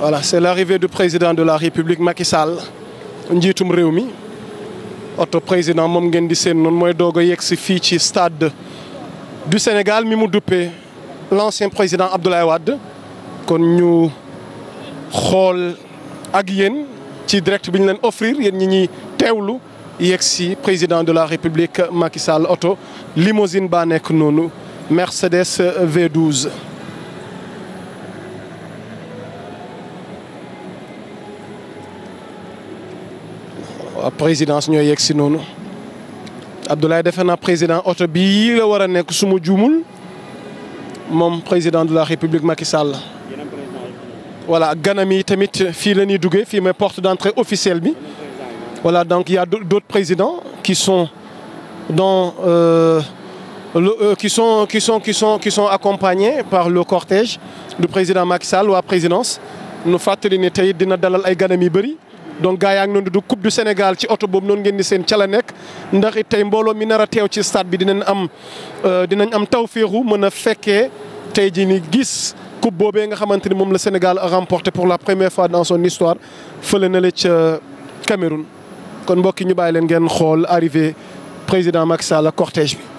voilà c'est l'arrivée du président de la République Macky Sall njiitum réew mi oto président moom ngeen di seen noonu mooy doog a yegg si fii ci stade du Sénégal mi mu duppee l'ancien président Abdoulaye Wade kon ñu xool ak yéen ci direct bi ñu leen offrir yéen ñi ñuy teewlu yegg si président de la République Macky Sall oto limousine baa nekk noonu Mercedes V12 waaw présidence ñooy yegg si noonu Abdoulaye defe naa président oto bii la war a nekk suma juumul moom président de la république Macky Sall. voilà ganam yi tamit fii la ñuy duggee fii mooy porte d'entrée officielle bi. voilà donc il y a président présidents qui sont dans euh, le euh, qui sont qui sont qui sont qui sont accompagnés par le cortège du président Macky Sall waa présidence. nu fàttali ne tey dina dalal ay ganam yu bëri. donc gars yaa ngi doon du coupe du Sénégal ci oto boobu noonu ngeen di seen ca la nekk ndax it tey mbooloo mi nar teew ci stade bi dinañ am euh, dinañ am tawféexu mën a fekkee tey jii ni gis coupe boobee nga xamante ni moom la Sénégal a remporté pour la première fois dans son histoire fële na la ca Cameroun kon mbokki ñu bàyyi leen ngeen xool arrivé président Macky Sall la bi.